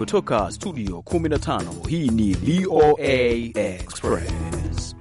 kutoka studio 15 hii ni VOA Express.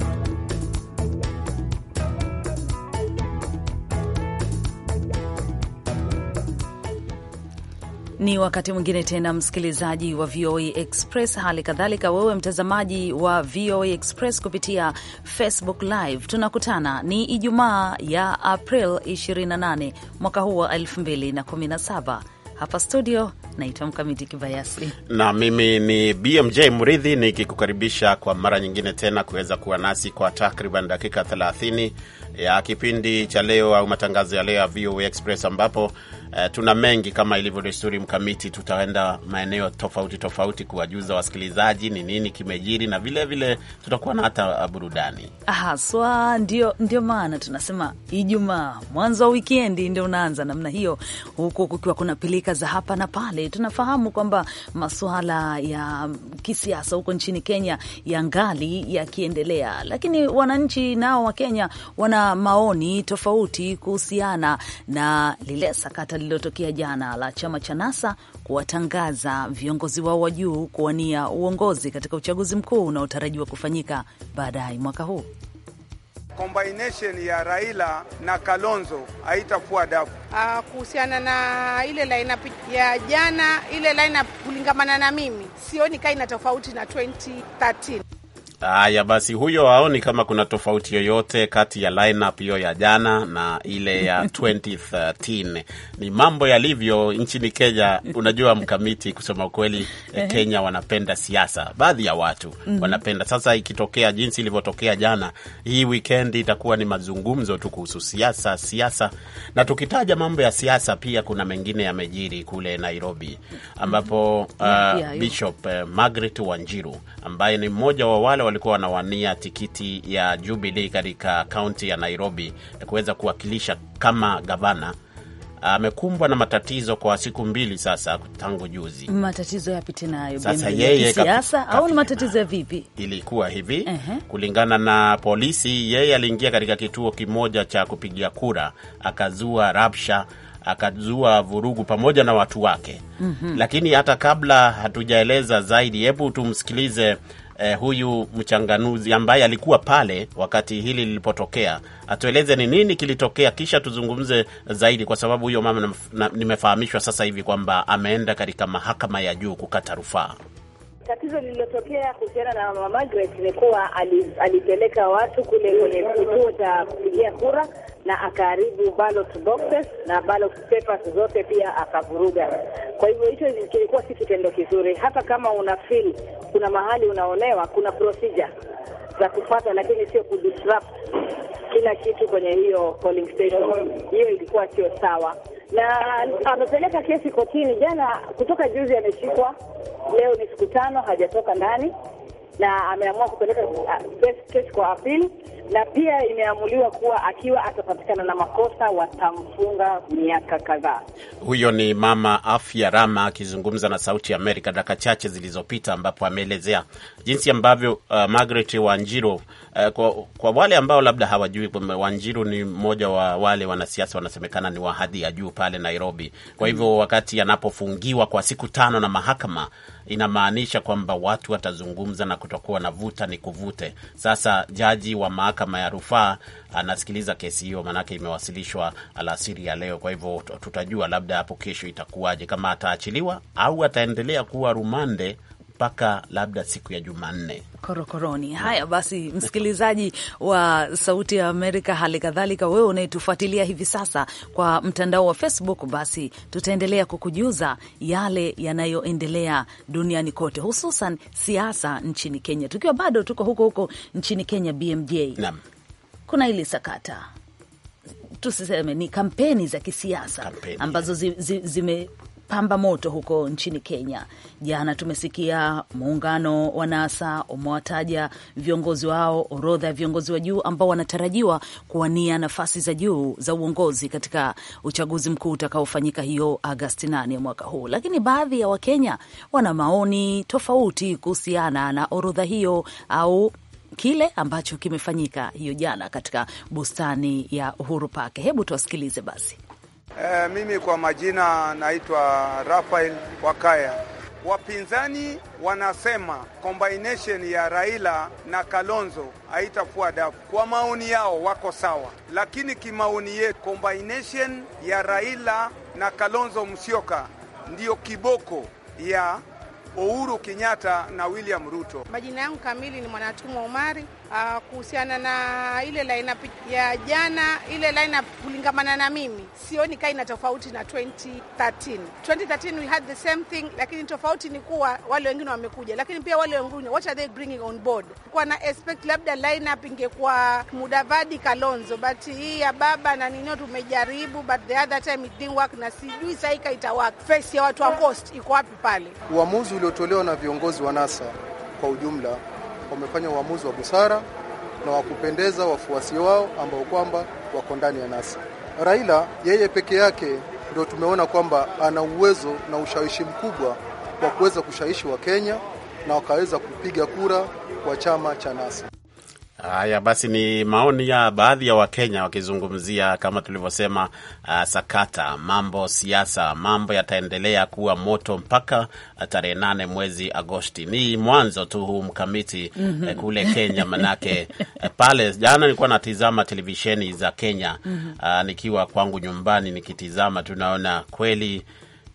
Ni wakati mwingine tena, msikilizaji wa VOA Express, hali kadhalika wewe mtazamaji wa VOA Express kupitia Facebook Live, tunakutana. Ni Ijumaa ya April 28 mwaka huu wa 2017 hapa studio naitwa Mkamiti Kibayasi na mimi ni BMJ Mridhi nikikukaribisha kwa mara nyingine tena kuweza kuwa nasi kwa takriban dakika 30 ya kipindi cha leo au matangazo ya leo ya VOA Express ambapo Uh, tuna mengi kama ilivyo desturi. Mkamiti, tutaenda maeneo tofauti tofauti kuwajuza wasikilizaji ni nini kimejiri, na vilevile tutakuwa na hata ah, burudani haswa. Ndio, ndio maana tunasema Ijumaa mwanzo wa wikendi ndio unaanza namna hiyo, huku kukiwa kuna pilika za hapa na pale tunafahamu kwamba masuala ya kisiasa huko nchini Kenya yangali yakiendelea, lakini wananchi nao wa Kenya wana maoni tofauti kuhusiana na lile sakata lililotokea jana la chama cha NASA kuwatangaza viongozi wao wa juu kuwania uongozi katika uchaguzi mkuu unaotarajiwa kufanyika baadaye mwaka huu combination ya Raila na Kalonzo haitakuwa dafu. Uh, ah, kuhusiana na ile lineup ya jana, ile lineup kulingamana na mimi sioni kaina tofauti na 2013. Haya basi, huyo haoni kama kuna tofauti yoyote kati ya lineup hiyo ya jana na ile ya 2013. Ni mambo yalivyo nchini Kenya. Unajua mkamiti, kusema ukweli, Kenya wanapenda siasa, baadhi ya watu mhm. wanapenda. Sasa ikitokea jinsi ilivyotokea jana, hii weekend itakuwa ni mazungumzo tu kuhusu siasa, siasa. Na tukitaja mambo ya siasa, pia kuna mengine yamejiri kule Nairobi, ambapo mm-hmm. uh, Bishop uh, Margaret Wanjiru ambaye ni mmoja wa wale walikuwa wanawania tikiti ya Jubilee katika kaunti ya Nairobi kuweza kuwakilisha kama gavana amekumbwa na matatizo kwa siku mbili sasa tangu juzi. Matatizo yapi tena hayo? Sasa yeye au ni matatizo ya vipi? Ilikuwa hivi uh -huh. Kulingana na polisi, yeye aliingia katika kituo kimoja cha kupigia kura akazua rabsha akazua vurugu pamoja na watu wake. uh mhm. -huh. Lakini hata kabla hatujaeleza zaidi, hebu tumsikilize eh, huyu mchanganuzi ambaye alikuwa pale wakati hili lilipotokea, atueleze ni nini kilitokea, kisha tuzungumze zaidi, kwa sababu huyo mama nimefahamishwa sasa hivi kwamba ameenda katika mahakama ya juu kukata rufaa. Tatizo lililotokea kuhusiana na mama Margaret ni kuwa alipeleka watu kule kwenye kituo cha kupigia kura na akaharibu ballot boxes na ballot papers zote pia akavuruga. Kwa hivyo hicho kilikuwa si kitendo kizuri. Hata kama una feel kuna mahali unaonewa, kuna procedure za kufuata, lakini sio disrupt kila kitu kwenye hiyo polling station. Hiyo ilikuwa sio sawa, na amepeleka kesi kotini jana, kutoka juzi ameshikwa, leo ni siku tano hajatoka ndani, na ameamua kupeleka uh, kesi kwa apili na pia imeamuliwa kuwa akiwa atapatikana na makosa watamfunga miaka kadhaa. Huyo ni Mama Afya Rama akizungumza na Sauti ya Amerika dakika chache zilizopita, ambapo ameelezea jinsi ambavyo uh, Margaret Wanjiru uh, kwa, kwa wale ambao labda hawajui kwamba Wanjiru ni mmoja wa wale wanasiasa wanasemekana ni wa hadhi ya juu pale Nairobi. Kwa hivyo mm. wakati anapofungiwa kwa siku tano na mahakama inamaanisha kwamba watu watazungumza na kutokuwa na vuta ni kuvute. Sasa jaji wa mahakama mahakama ya rufaa anasikiliza kesi hiyo, maanake imewasilishwa alasiri ya leo. Kwa hivyo tutajua labda hapo kesho itakuwaje, kama ataachiliwa au ataendelea kuwa rumande mpaka labda siku ya Jumanne korokoroni. Haya basi, msikilizaji wa Sauti ya Amerika, hali kadhalika wewe unayetufuatilia hivi sasa kwa mtandao wa Facebook, basi tutaendelea kukujuza yale yanayoendelea duniani kote, hususan siasa nchini Kenya. Tukiwa bado tuko huko huko nchini Kenya, BMJ Nam. kuna hili sakata tusiseme ni kampeni za kisiasa kampeni, ambazo zi, zi, zime pamba moto huko nchini Kenya. Jana tumesikia muungano wa NASA umewataja viongozi wao, orodha ya viongozi wa juu ambao wanatarajiwa kuwania nafasi za juu za uongozi katika uchaguzi mkuu utakaofanyika hiyo Agasti 8 ya mwaka huu. Lakini baadhi ya Wakenya wana maoni tofauti kuhusiana na orodha hiyo au kile ambacho kimefanyika hiyo jana katika bustani ya Uhuru Park. Hebu tuwasikilize basi. E, mimi kwa majina naitwa Rafael Wakaya. Wapinzani wanasema combination ya Raila na Kalonzo haitafua dafu. Kwa maoni yao wako sawa, lakini kimaoni yetu combination ya Raila na Kalonzo Musyoka ndiyo kiboko ya Uhuru Kenyatta na William Ruto. Majina yangu kamili ni Mwanatumwa Umari uh, kuhusiana na ile lineup ya jana, ile lineup kulingamana na mimi sioni kai na tofauti na 2013. 2013 we had the same thing, lakini tofauti ni kuwa wale wengine wamekuja, lakini pia wale wengine what are they bringing on board? Kwa na expect labda lineup ingekuwa Mudavadi Kalonzo, but hii ya baba na ninio tumejaribu, but the other time it didn't work, na sijui saika work Face ya watu wa Coast iko wapi pale? Uamuzi uliotolewa na viongozi wa NASA kwa ujumla wamefanya uamuzi wa busara na wa kupendeza wafuasi wao ambao kwamba wako ndani ya nasi. Raila yeye peke yake ndio tumeona kwamba ana uwezo na ushawishi mkubwa wa kuweza kushawishi Wakenya na wakaweza kupiga kura kwa chama cha NASA. Haya basi, ni maoni ya baadhi ya Wakenya wakizungumzia kama tulivyosema, uh, sakata mambo siasa, mambo yataendelea kuwa moto mpaka uh, tarehe nane mwezi Agosti. Ni mwanzo tu huu mkamiti mm -hmm. kule Kenya manake uh, pale jana nilikuwa natizama televisheni za Kenya mm -hmm. uh, nikiwa kwangu nyumbani nikitizama, tunaona kweli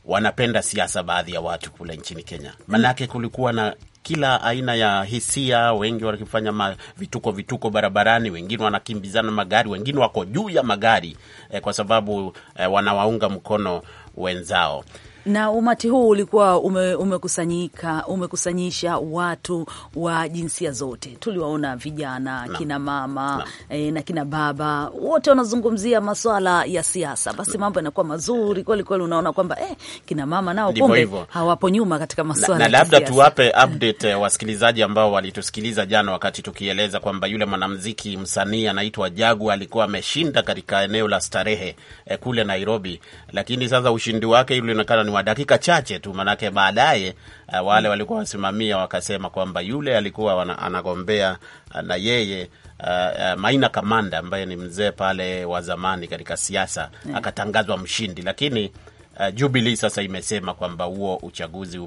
wanapenda siasa baadhi ya watu kule nchini Kenya, manake kulikuwa na kila aina ya hisia, wengi wakifanya vituko vituko barabarani, wengine wanakimbizana magari, wengine wako juu ya magari eh, kwa sababu eh, wanawaunga mkono wenzao. Na umati huu ulikuwa ume, umekusanyika umekusanyisha watu wa jinsia zote, tuliwaona vijana na kina mama na, e, eh, na kina baba wote wanazungumzia maswala ya siasa. Basi mambo yanakuwa mazuri kweli kweli, unaona kwamba eh, kina mama nao kumbe hawapo nyuma katika maswala na, na labda tuwape update eh, wasikilizaji ambao walitusikiliza jana wakati tukieleza kwamba yule mwanamuziki msanii anaitwa Jagu alikuwa ameshinda katika eneo la starehe eh, kule Nairobi, lakini sasa ushindi wake ulionekana ni wa dakika chache tu, manake baadaye uh, wale walikuwa wasimamia wakasema kwamba yule alikuwa wana, anagombea eh, na yeye Uh, uh, Maina Kamanda ambaye ni mzee pale wa zamani katika siasa yeah, akatangazwa mshindi, lakini uh, Jubilee sasa imesema kwamba huo uchaguzi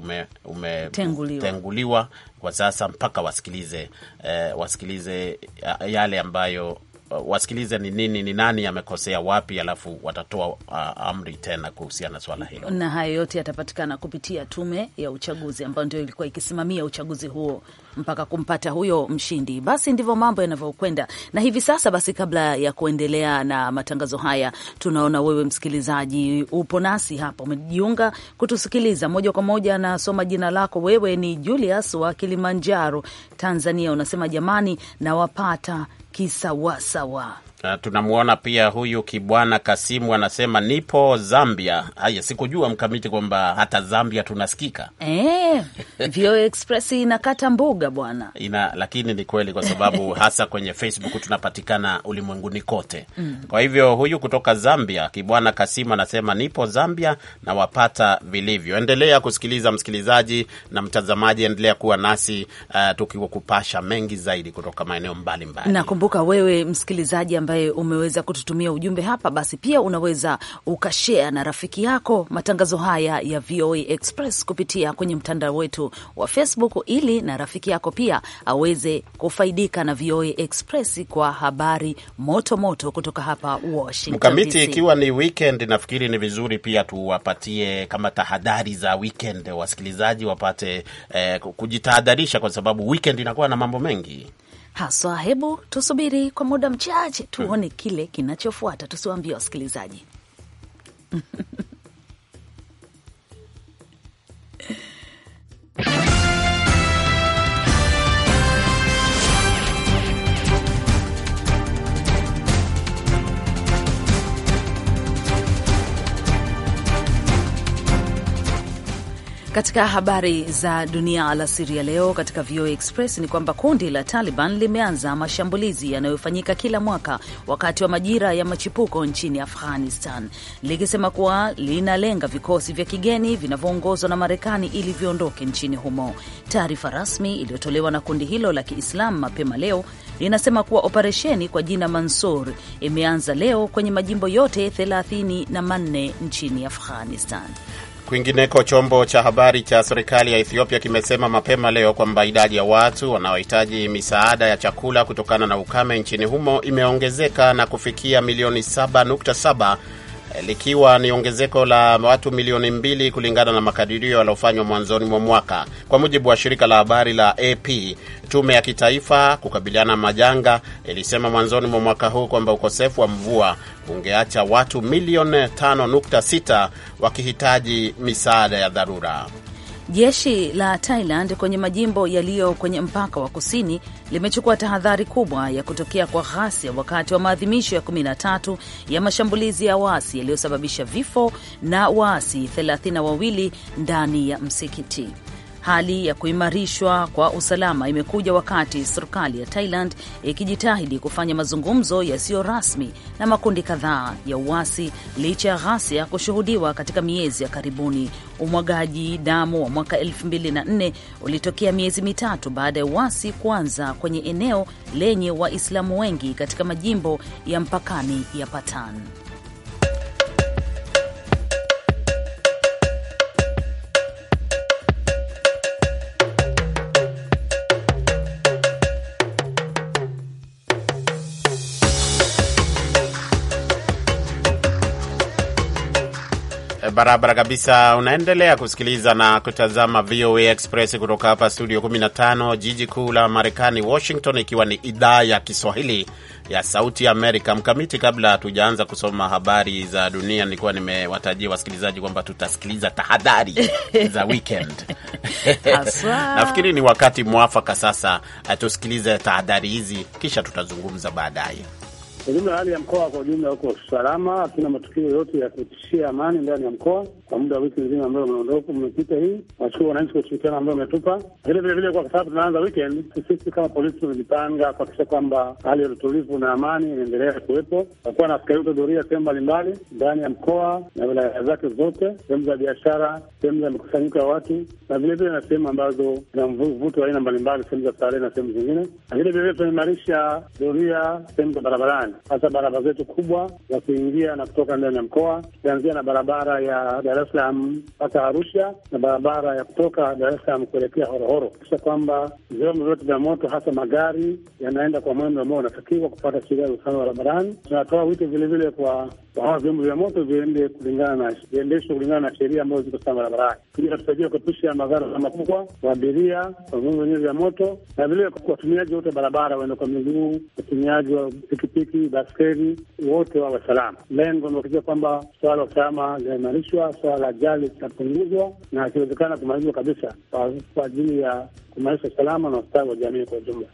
umetenguliwa ume, kwa sasa mpaka wasikilize uh, wasikilize yale ambayo Uh, wasikilize ni nini, ni nani amekosea wapi, alafu watatoa uh, amri tena kuhusiana na swala hilo, na haya yote yatapatikana kupitia tume ya uchaguzi ambayo ndio ilikuwa ikisimamia uchaguzi huo mpaka kumpata huyo mshindi. Basi ndivyo mambo yanavyokwenda, na hivi sasa basi, kabla ya kuendelea na matangazo haya, tunaona wewe msikilizaji upo nasi hapa, umejiunga kutusikiliza moja kwa moja. Nasoma jina lako, wewe ni Julius wa Kilimanjaro, Tanzania. Unasema jamani, nawapata kisawasawa tunamwona pia huyu Kibwana Kasimu anasema nipo Zambia. Haya, sikujua mkamiti kwamba hata Zambia tunasikika e, vio Express inakata mbuga bwana ina, lakini ni kweli kwa sababu hasa kwenye Facebook tunapatikana ulimwenguni kote mm. Kwa hivyo huyu kutoka Zambia Kibwana Kasimu anasema nipo Zambia na wapata vilivyo. Endelea kusikiliza msikilizaji na mtazamaji, endelea kuwa nasi uh, tukiwa kupasha mengi zaidi kutoka maeneo mbalimbali. Nakumbuka wewe msikilizaji ambaye umeweza kututumia ujumbe hapa, basi pia unaweza ukashea na rafiki yako matangazo haya ya VOA Express kupitia kwenye mtandao wetu wa Facebook, ili na rafiki yako pia aweze kufaidika na VOA Express kwa habari moto moto kutoka hapa Washington Mkamiti, ikiwa ni weekend, nafikiri ni vizuri pia tuwapatie kama tahadhari za weekend, wasikilizaji wapate eh, kujitahadharisha kwa sababu weekend inakuwa na mambo mengi haswa. Hebu tusubiri kwa muda mchache tuone hmm. kile kinachofuata, tusiwaambie wasikilizaji. Katika habari za dunia alasiri ya leo katika VOA Express ni kwamba kundi la Taliban limeanza mashambulizi yanayofanyika kila mwaka wakati wa majira ya machipuko nchini Afghanistan, likisema kuwa linalenga vikosi vya kigeni vinavyoongozwa na Marekani ili viondoke nchini humo. Taarifa rasmi iliyotolewa na kundi hilo la Kiislamu mapema leo linasema kuwa operesheni kwa jina Mansur imeanza leo kwenye majimbo yote thelathini na manne nchini Afghanistan. Kwingineko, chombo cha habari cha serikali ya Ethiopia kimesema mapema leo kwamba idadi ya watu wanaohitaji misaada ya chakula kutokana na ukame nchini humo imeongezeka na kufikia milioni 7.7 Eh, likiwa ni ongezeko la watu milioni mbili kulingana na makadirio yaliyofanywa mwanzoni mwa mwaka. Kwa mujibu wa shirika la habari la AP, tume ya kitaifa kukabiliana majanga ilisema mwanzoni mwa mwaka huu kwamba ukosefu wa mvua ungeacha watu milioni 5.6 wakihitaji misaada ya dharura. Jeshi la Thailand kwenye majimbo yaliyo kwenye mpaka wa kusini limechukua tahadhari kubwa ya kutokea kwa ghasia wakati wa maadhimisho ya 13 ya mashambulizi ya waasi yaliyosababisha vifo na waasi 32 ndani ya msikiti. Hali ya kuimarishwa kwa usalama imekuja wakati serikali ya Thailand ikijitahidi kufanya mazungumzo yasiyo rasmi na makundi kadhaa ya uasi licha ya ghasia kushuhudiwa katika miezi ya karibuni. Umwagaji damu wa mwaka 2004 ulitokea miezi mitatu baada ya uasi kuanza kwenye eneo lenye Waislamu wengi katika majimbo ya mpakani ya Patan. barabara kabisa. Unaendelea kusikiliza na kutazama VOA Express kutoka hapa studio 15 jiji kuu la Marekani, Washington, ikiwa ni idhaa ya Kiswahili ya Sauti ya Amerika. Mkamiti, kabla hatujaanza kusoma habari za dunia, nilikuwa nimewatajia wasikilizaji kwamba tutasikiliza tahadhari za weekend nafikiri ni wakati mwafaka sasa eh, tusikilize tahadhari hizi, kisha tutazungumza baadaye. Kwa jumla hali ya mkoa kwa ujumla huko salama, hakuna matukio yote ya kutishia amani ndani ya mkoa kwa muda wa wiki nzima ambayo mnaondoka mmepita hii. Washukuru wananchi kwa ushirikiano ambayo umetupa, lakini vilevile kwa sababu tunaanza weekend, sisi kama polisi tumejipanga kuhakikisha kwamba hali ya utulivu na amani inaendelea kuwepo, wakuwa na askari wetu doria sehemu mbalimbali ndani ya mkoa na wilaya zake zote, sehemu za biashara, sehemu za mikusanyiko ya watu, na vilevile na sehemu ambazo zina mvuto wa aina mbalimbali, sehemu za starehe na sehemu zingine. Lakini vilevile tumeimarisha doria sehemu za barabarani, hasa barabara zetu kubwa za kuingia na kutoka ndani ya mkoa, tukianzia na barabara ya Dar es Salaam mpaka Arusha na barabara ya kutoka Dar es Salaam kuelekea Horohoro, kisha kwamba vyombo vyote vya moto, hasa magari, yanaenda kwa mwendo ambao unatakiwa kupata sheria za usalama barabarani. Tunatoa wito vilevile kwa hawa vyombo vya moto viende kulingana na viendeshwe kulingana na sheria ambazo ziko sana barabarani ili kusaidia kuepusha madhara makubwa kwa abiria, kwa vyombo vyenyewe vya moto na vile kwa watumiaji wote barabara, waenda kwa miguu, watumiaji wa pikipiki, baskeli, wote wawe salama. Lengo ni kwamba swala la usalama linaimarishwa, swala la ajali zitapunguzwa na akiwezekana kumalizwa kabisa, kwa ajili ya kumaanisha usalama na ustawi wa jamii kwa ujumla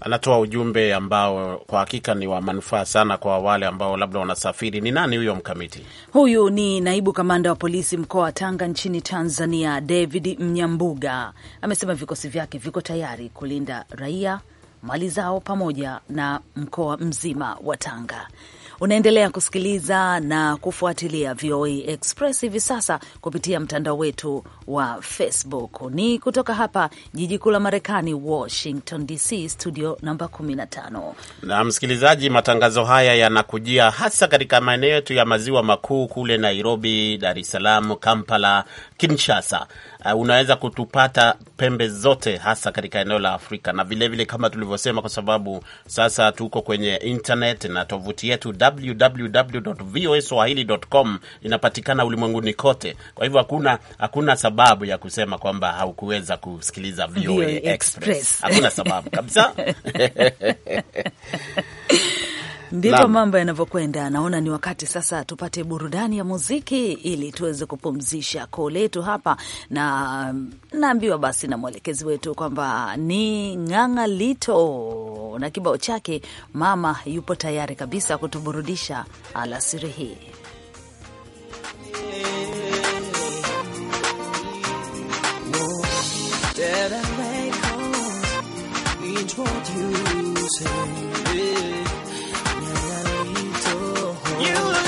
anatoa ujumbe ambao kwa hakika ni wa manufaa sana kwa wale ambao labda wanasafiri. Ni nani huyo mkamiti? Huyu ni naibu kamanda wa polisi mkoa wa Tanga nchini Tanzania, David Mnyambuga. Amesema vikosi vyake viko tayari kulinda raia, mali zao, pamoja na mkoa mzima wa Tanga. Unaendelea kusikiliza na kufuatilia VOA Express hivi sasa kupitia mtandao wetu wa Facebook. Ni kutoka hapa jiji kuu la Marekani, Washington DC, studio namba 15. Na msikilizaji, matangazo haya yanakujia hasa katika maeneo yetu ya maziwa makuu kule Nairobi, Dar es Salaam, Kampala, Kinshasa. Uh, unaweza kutupata pembe zote, hasa katika eneo la Afrika na vilevile vile, kama tulivyosema, kwa sababu sasa tuko kwenye internet na tovuti yetu www.voaswahili.com inapatikana ulimwenguni kote. Kwa hivyo hakuna hakuna sababu ya kusema kwamba haukuweza kusikiliza VOA Express, hakuna sababu kabisa. Ndivyo mambo yanavyokwenda. Naona ni wakati sasa tupate burudani ya muziki ili tuweze kupumzisha koo letu hapa, na naambiwa basi na mwelekezi wetu kwamba ni Ng'ang'a Lito na kibao chake mama yupo tayari kabisa kutuburudisha alasiri hii. you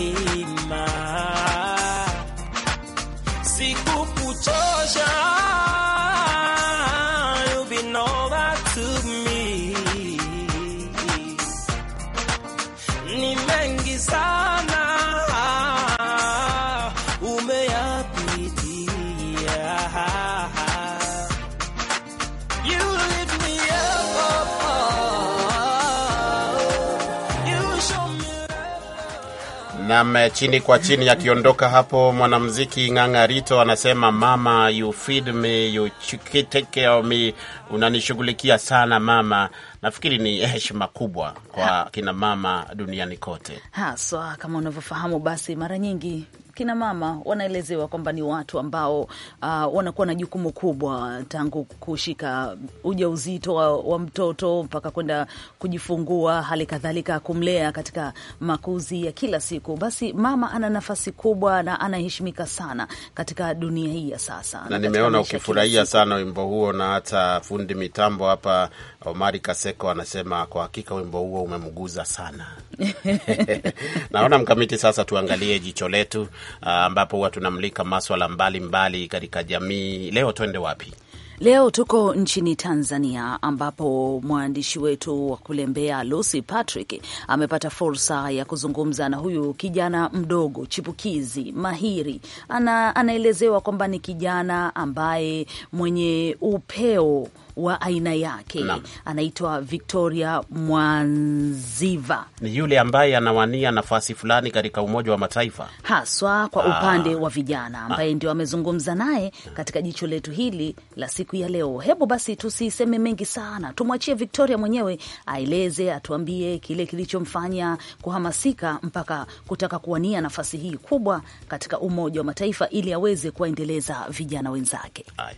milima sikukuchosha Nam eh, chini kwa chini akiondoka hapo, mwanamziki Ng'ang'a Rito anasema mama, you feed me, you take care of me, unanishughulikia sana mama. Nafikiri ni heshima kubwa kwa kina mama duniani kote haswa. So, kama unavyofahamu basi mara nyingi kina mama wanaelezewa kwamba ni watu ambao uh, wanakuwa na jukumu kubwa tangu kushika ujauzito wa, wa mtoto mpaka kwenda kujifungua, hali kadhalika kumlea katika makuzi ya kila siku. Basi mama ana nafasi kubwa na anaheshimika sana katika dunia hii ya sasa, na nimeona ukifurahia sana wimbo huo, na hata fundi mitambo hapa Omari Kaseko anasema kwa hakika wimbo huo umemguza sana. Naona mkamiti. Sasa tuangalie jicho letu Ah, ambapo huwa tunamlika maswala mbalimbali katika jamii. Leo twende wapi? Leo tuko nchini Tanzania ambapo mwandishi wetu wa kule Mbeya Lucy Patrick amepata fursa ya kuzungumza na huyu kijana mdogo chipukizi mahiri. Ana, anaelezewa kwamba ni kijana ambaye mwenye upeo wa aina yake Anaitwa Victoria Mwanziva, ni yule ambaye anawania nafasi fulani katika Umoja wa Mataifa haswa kwa ah. upande wa vijana, ah. ambaye ndio amezungumza naye katika jicho letu hili la siku ya leo. Hebu basi tusiseme mengi sana, tumwachie Victoria mwenyewe aeleze, atuambie kile kilichomfanya kuhamasika mpaka kutaka kuwania nafasi hii kubwa katika Umoja wa Mataifa ili aweze kuwaendeleza vijana wenzake Aya.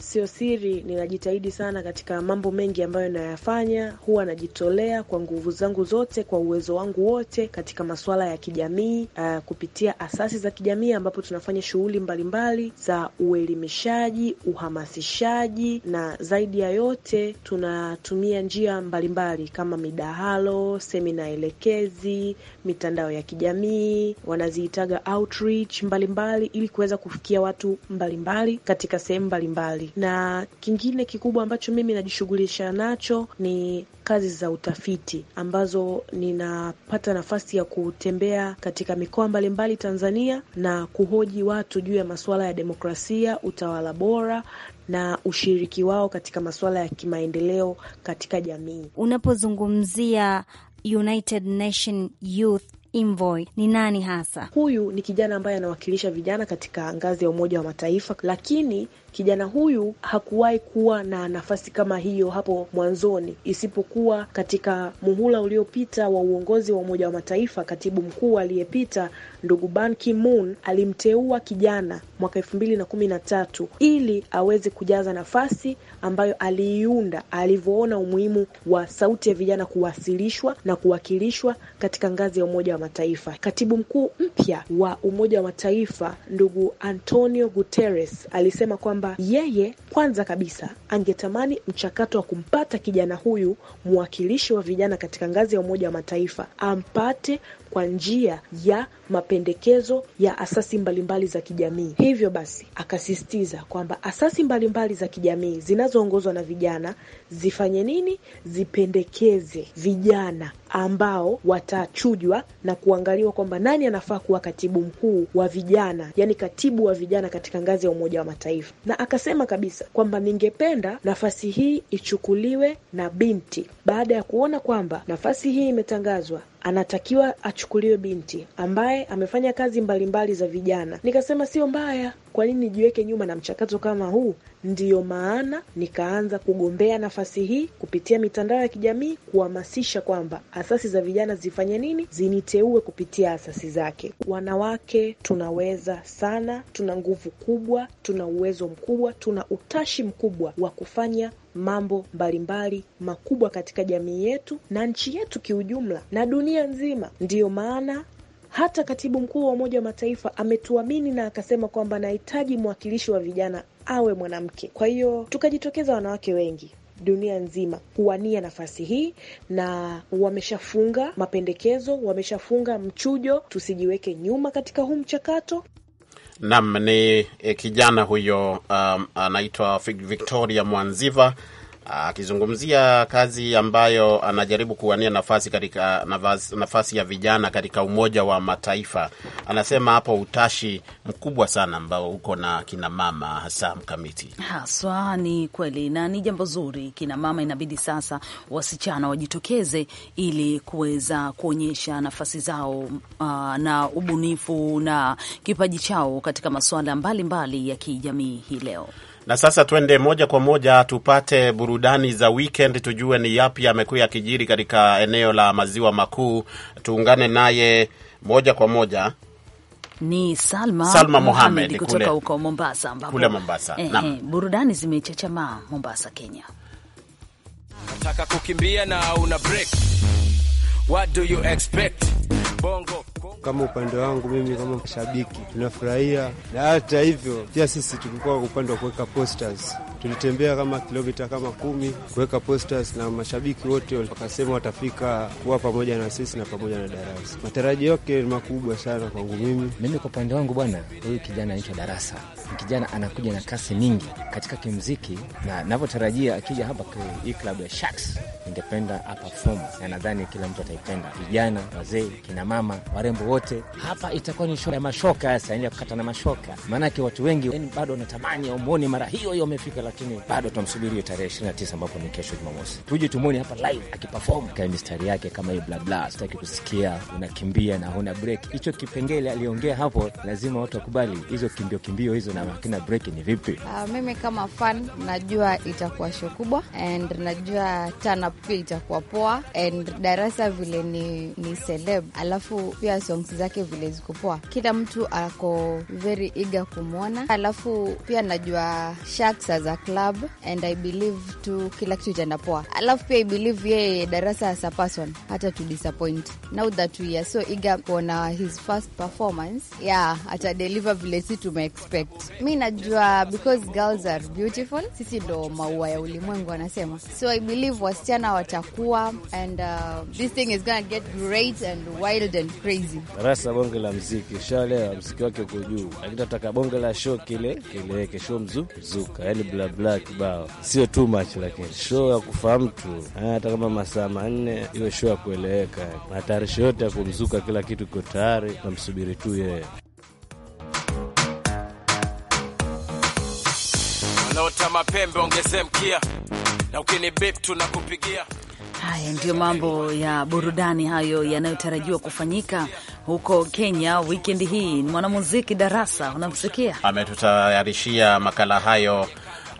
Sio siri, ninajitahidi sana katika mambo mengi ambayo nayafanya. Huwa najitolea kwa nguvu zangu zote, kwa uwezo wangu wote, katika masuala ya kijamii uh, kupitia asasi za kijamii ambapo tunafanya shughuli mbalimbali za uelimishaji, uhamasishaji, na zaidi ya yote tunatumia njia mbalimbali kama midahalo, semina elekezi, mitandao ya kijamii, wanaziitaga outreach mbalimbali, ili kuweza kufikia watu mbalimbali mbali, katika sehemu mbalimbali. Na kingine kikubwa ambacho mimi najishughulisha nacho ni kazi za utafiti ambazo ninapata nafasi ya kutembea katika mikoa mbalimbali Tanzania na kuhoji watu juu ya masuala ya demokrasia, utawala bora na ushiriki wao katika masuala ya kimaendeleo katika jamii. Unapozungumzia United Nation Youth Envoy ni nani hasa? Huyu ni kijana ambaye anawakilisha vijana katika ngazi ya Umoja wa Mataifa, lakini Kijana huyu hakuwahi kuwa na nafasi kama hiyo hapo mwanzoni, isipokuwa katika muhula uliopita wa uongozi wa Umoja wa Mataifa. Katibu mkuu aliyepita ndugu Ban Ki-moon alimteua kijana mwaka elfu mbili na kumi na tatu ili aweze kujaza nafasi ambayo aliiunda alivyoona umuhimu wa sauti ya vijana kuwasilishwa na kuwakilishwa katika ngazi ya Umoja wa Mataifa. Katibu mkuu mpya wa Umoja wa Mataifa ndugu Antonio Guterres alisema kwamba kwamba yeye kwanza kabisa angetamani mchakato wa kumpata kijana huyu mwakilishi wa vijana katika ngazi ya Umoja wa Mataifa ampate kwa njia ya mapendekezo ya asasi mbalimbali za kijamii. Hivyo basi, akasisitiza kwamba asasi mbalimbali za kijamii zinazoongozwa na vijana zifanye nini? Zipendekeze vijana ambao watachujwa na kuangaliwa kwamba nani anafaa kuwa katibu mkuu wa vijana, yani katibu wa vijana katika ngazi ya Umoja wa Mataifa. Na akasema kabisa kwamba ningependa nafasi hii ichukuliwe na binti, baada ya kuona kwamba nafasi hii imetangazwa, anatakiwa achukuliwe binti ambaye amefanya kazi mbalimbali mbali za vijana. Nikasema sio mbaya, kwa nini nijiweke nyuma na mchakato kama huu? Ndiyo maana nikaanza kugombea nafasi hii kupitia mitandao ya kijamii kuhamasisha kwamba asasi za vijana zifanye nini, ziniteue kupitia asasi zake. Wanawake tunaweza sana, tuna nguvu kubwa, tuna uwezo mkubwa, tuna utashi mkubwa wa kufanya mambo mbalimbali makubwa katika jamii yetu na nchi yetu kiujumla na dunia nzima. Ndiyo maana hata katibu mkuu wa Umoja wa Mataifa ametuamini na akasema kwamba anahitaji mwakilishi wa vijana awe mwanamke. Kwa hiyo tukajitokeza wanawake wengi dunia nzima kuwania nafasi hii, na wameshafunga mapendekezo, wameshafunga mchujo. Tusijiweke nyuma katika huu mchakato. Nam ni eh, kijana huyo um, anaitwa Victoria Mwanziva akizungumzia kazi ambayo anajaribu kuwania nafasi katika nafasi ya vijana katika Umoja wa Mataifa. Anasema hapo utashi mkubwa sana ambao uko na kinamama hasa mkamiti haswa. Ni kweli na ni jambo zuri, kinamama inabidi sasa wasichana wajitokeze ili kuweza kuonyesha nafasi zao uh, na ubunifu na kipaji chao katika masuala mbalimbali ya kijamii hii leo. Na sasa twende moja kwa moja tupate burudani za weekend, tujue ni yapi yamekuwa yakijiri katika eneo la maziwa makuu. Tuungane naye moja kwa moja ni Salma, Salma Mohamed kutoka huko Mombasa, ambapo kule Mombasa eh, eh burudani zimechachamaa Mombasa, Kenya. Nataka kukimbia na una break. What do you expect? Bongo kama upande wangu mimi kama shabiki tunafurahia, na hata hivyo pia sisi tulikuwa upande wa kuweka posters. Tulitembea kama kilomita kama kumi kuweka posters, na mashabiki wote wakasema watafika kuwa pamoja na sisi na pamoja na darasa. Matarajio yake ni makubwa sana kwangu mimi. Mimi kwa upande wangu, bwana, huyu kijana anaitwa Darasa, ni kijana anakuja na kasi nyingi katika kimziki na navyotarajia akija hapa hii klabu ya Sharks, ningependa aperform, na nadhani kila mtu ataipenda, vijana, wazee, kinamama ware warembo wote. Hapa itakuwa ni show ya mashoka, sasa ya kukata na mashoka, maanake watu wengi yani bado wanatamani amuone mara hiyo hiyo amefika, lakini bado tunamsubiri hiyo tarehe 29 ambapo ni kesho Jumamosi, tuje tumwone hapa live akiperform kae mistari yake kama hiyo blabla. Sitaki kusikia unakimbia na huna break. Hicho kipengele aliongea hapo, lazima watu wakubali hizo kimbio kimbio hizo na hakina break. Ni vipi? Uh, mimi kama fan najua itakuwa show kubwa and najua turn up pia itakuwa poa and darasa vile ni, ni celeb alafu pia songs zake vile ziko poa, kila mtu ako very eager kumwona. Alafu pia najua Shaks as a club and I believe tu kila kitu itaenda poa. Alafu pia I believe yeye Darasa as a person hata to disappoint now that we are so eager kuona his first performance, yeah, atadeliver vile si tumeexpect. Mi najua because girls are beautiful, sisi ndo maua ya ulimwengu anasema, so I believe wasichana watakuwa and uh, this thing is gonna get great and wild and crazy hizi rasa bonge la mziki shalewa mziki wake uko juu, lakini nataka bonge la show kile kileweke show mzu mzuka, yani bla bla kibao, sio too much, lakini show ya kufaa mtu ah, hata kama masaa manne iwe show ya kueleweka, matayarisho yote ya kumzuka, kila kitu iko tayari, namsubiri tu yeye. Wanaota mapembe mkia na tunakupigia Haya ndiyo mambo ya burudani hayo yanayotarajiwa kufanyika huko Kenya wikendi hii. Ni mwanamuziki Darasa, unamsikia ametutayarishia makala hayo.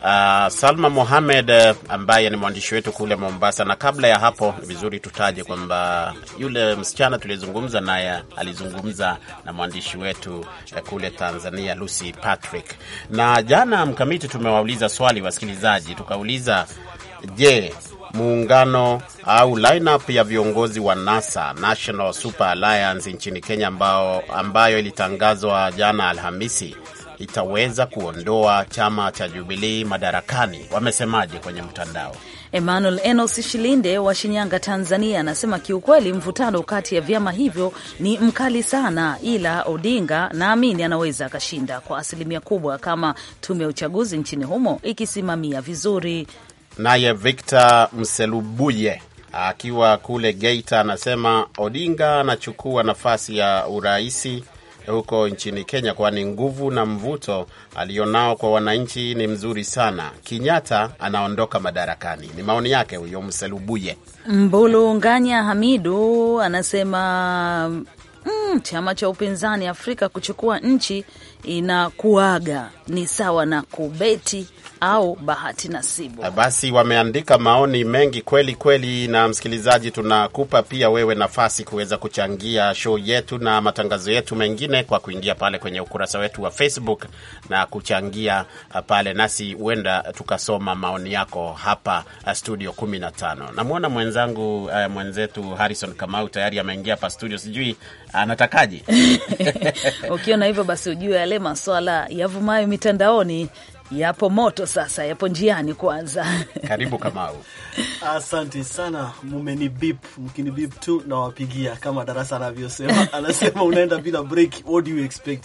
Uh, Salma Mohamed uh, ambaye ni mwandishi wetu kule Mombasa. Na kabla ya hapo, ni vizuri tutaje kwamba yule msichana tuliyezungumza naye alizungumza na mwandishi wetu uh, kule Tanzania Lucy Patrick. Na jana mkamiti, tumewauliza swali wasikilizaji, tukauliza je, muungano au lineup ya viongozi wa NASA, National Super Alliance nchini Kenya, ambao ambayo ilitangazwa jana Alhamisi itaweza kuondoa chama cha Jubilii madarakani. Wamesemaje kwenye mtandao? Emmanuel Enos Shilinde wa Shinyanga, Tanzania, anasema kiukweli, mvutano kati ya vyama hivyo ni mkali sana, ila Odinga naamini anaweza akashinda kwa asilimia kubwa, kama tume ya uchaguzi nchini humo ikisimamia vizuri. Naye Victor Mselubuye akiwa kule Geita anasema Odinga anachukua nafasi ya uraisi huko nchini Kenya, kwani nguvu na mvuto alionao kwa wananchi ni mzuri sana. Kinyatta anaondoka madarakani. Ni maoni yake huyo Mselubuye. Mbulunganya Hamidu anasema mm, chama cha upinzani Afrika kuchukua nchi inakuaga ni sawa na kubeti au bahati nasibu. Ah, basi wameandika maoni mengi kweli kweli, na msikilizaji, tunakupa pia wewe nafasi kuweza kuchangia show yetu na matangazo yetu mengine kwa kuingia pale kwenye ukurasa wetu wa Facebook na kuchangia ah, pale, nasi huenda tukasoma maoni yako hapa ah, studio 15. Namwona mwenzangu mwenzetu Harrison Kamau tayari ameingia hapa studio, sijui anatakaje. Ukiona hivyo basi ujue yale maswala yavumayo mitandaoni yapo moto sasa, yapo njiani. Kwanza karibu Kamau. Asante sana, mkini bip tu nawapigia kama darasa anavyosema, anasema unaenda bila break, what do you expect?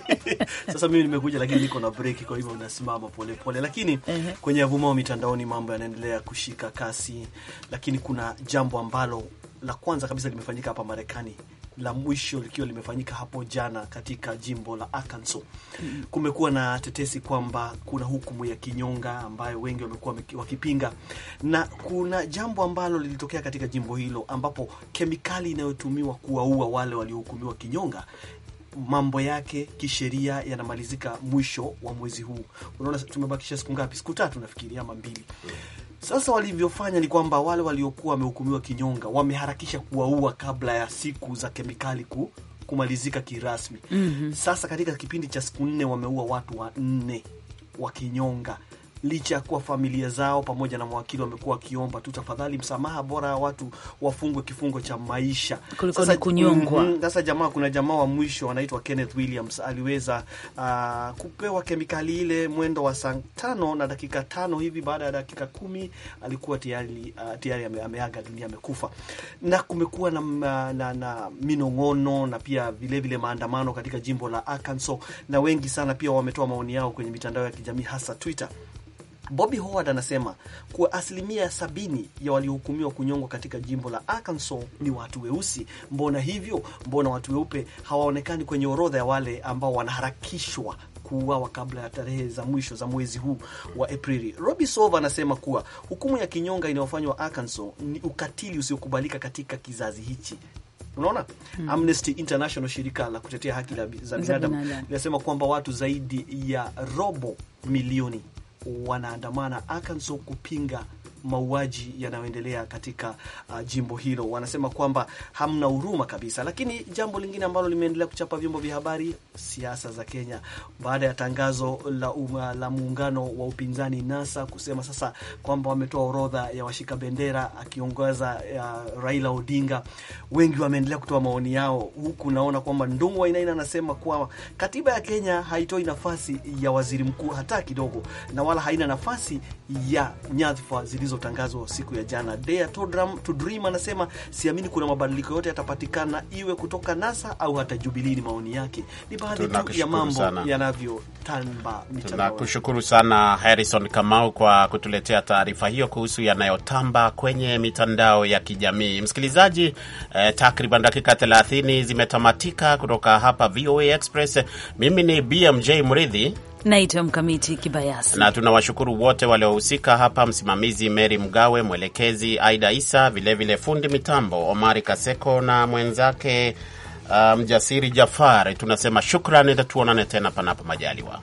Sasa mimi nimekuja, lakini niko na break, kwa hivyo unasimama polepole, lakini uh -huh. kwenye avumao mitandaoni mambo yanaendelea kushika kasi, lakini kuna jambo ambalo la kwanza kabisa limefanyika hapa Marekani la mwisho likiwa limefanyika hapo jana katika jimbo la Arkansas. Kumekuwa na tetesi kwamba kuna hukumu ya kinyonga ambayo wengi wamekuwa wakipinga, na kuna jambo ambalo lilitokea katika jimbo hilo ambapo kemikali inayotumiwa kuwaua wale waliohukumiwa kinyonga mambo yake kisheria yanamalizika mwisho wa mwezi huu. Unaona, tumebakisha siku ngapi? Siku tatu nafikiri ama mbili. Sasa walivyofanya ni kwamba wale waliokuwa wamehukumiwa kinyonga wameharakisha kuwaua kabla ya siku za kemikali ku, kumalizika kirasmi. mm -hmm. Sasa katika kipindi cha siku nne wameua watu wanne wa kinyonga licha ya kuwa familia zao pamoja na mawakili wamekuwa wakiomba tu tafadhali msamaha, bora watu wafungwe kifungo cha maisha kuliko kunyongwa. Mm-hmm, sasa jamaa, kuna jamaa wa mwisho anaitwa Kenneth Williams aliweza uh, kupewa kemikali ile mwendo wa saa tano na dakika tano hivi, baada ya dakika kumi alikuwa tayari uh, tayari ameaga dunia, amekufa. Na kumekuwa na, na, na, na minong'ono na pia vilevile vile maandamano katika jimbo la Arkansas, na wengi sana pia wametoa maoni yao kwenye mitandao ya kijamii hasa Twitter Bobby Howard anasema kuwa asilimia sabini ya waliohukumiwa kunyongwa katika jimbo la Arkansas ni watu weusi. Mbona hivyo? Mbona watu weupe hawaonekani kwenye orodha ya wale ambao wanaharakishwa kuuawa kabla ya tarehe za mwisho za mwezi huu wa Aprili. Robi Sova anasema kuwa hukumu ya kinyonga inayofanywa Arkansas ni ukatili usiokubalika katika kizazi hichi. Unaona, hmm. Amnesty International, shirika la kutetea haki za binadamu, linasema kwamba watu zaidi ya robo milioni wanaandamana Arkansas kupinga mauaji yanayoendelea katika uh, jimbo hilo. Wanasema kwamba hamna huruma kabisa. Lakini jambo lingine ambalo limeendelea kuchapa vyombo vya habari, siasa za Kenya, baada ya tangazo la, la muungano wa upinzani NASA kusema sasa kwamba wametoa orodha ya washika bendera akiongoza uh, Raila Odinga, wengi wameendelea kutoa maoni yao, huku naona kwamba Ndung'u Wainaina anasema kwamba katiba ya Kenya haitoi nafasi ya waziri mkuu hata kidogo, na wala haina nafasi ya nyadhifa zilizo kufuatia utangazo wa siku ya jana. Dea to Dream anasema siamini kuna mabadiliko yote yatapatikana, iwe kutoka NASA au hata Jubilee. Ni maoni yake, ni baadhi tu ya mambo yanavyotamba mitandao. Tunakushukuru sana Harrison Kamau kwa kutuletea taarifa hiyo kuhusu yanayotamba kwenye mitandao ya kijamii. Msikilizaji, eh, takriban dakika 30 zimetamatika kutoka hapa VOA Express. Mimi ni BMJ Mridhi Naitwa Mkamiti Kibayasi, na tunawashukuru wote waliohusika hapa, msimamizi Meri Mgawe, mwelekezi Aida Isa, vilevile fundi mitambo Omari Kaseko na mwenzake uh, Mjasiri um, Jafari. Tunasema shukrani, tuonane tena panapo majaliwa.